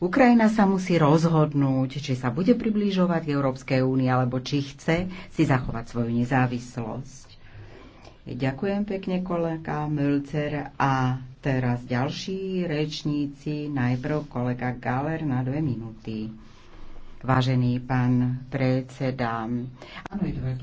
Ukrajina sa musí rozhodnúť, či sa bude približovať k Európskej únii, alebo či chce si zachovať svoju nezávislosť. Ďakujem pekne, kolega Mölcer. A teraz ďalší rečníci, najprv kolega Galer na dve minúty. Vážený pán predseda. Áno, je to veľký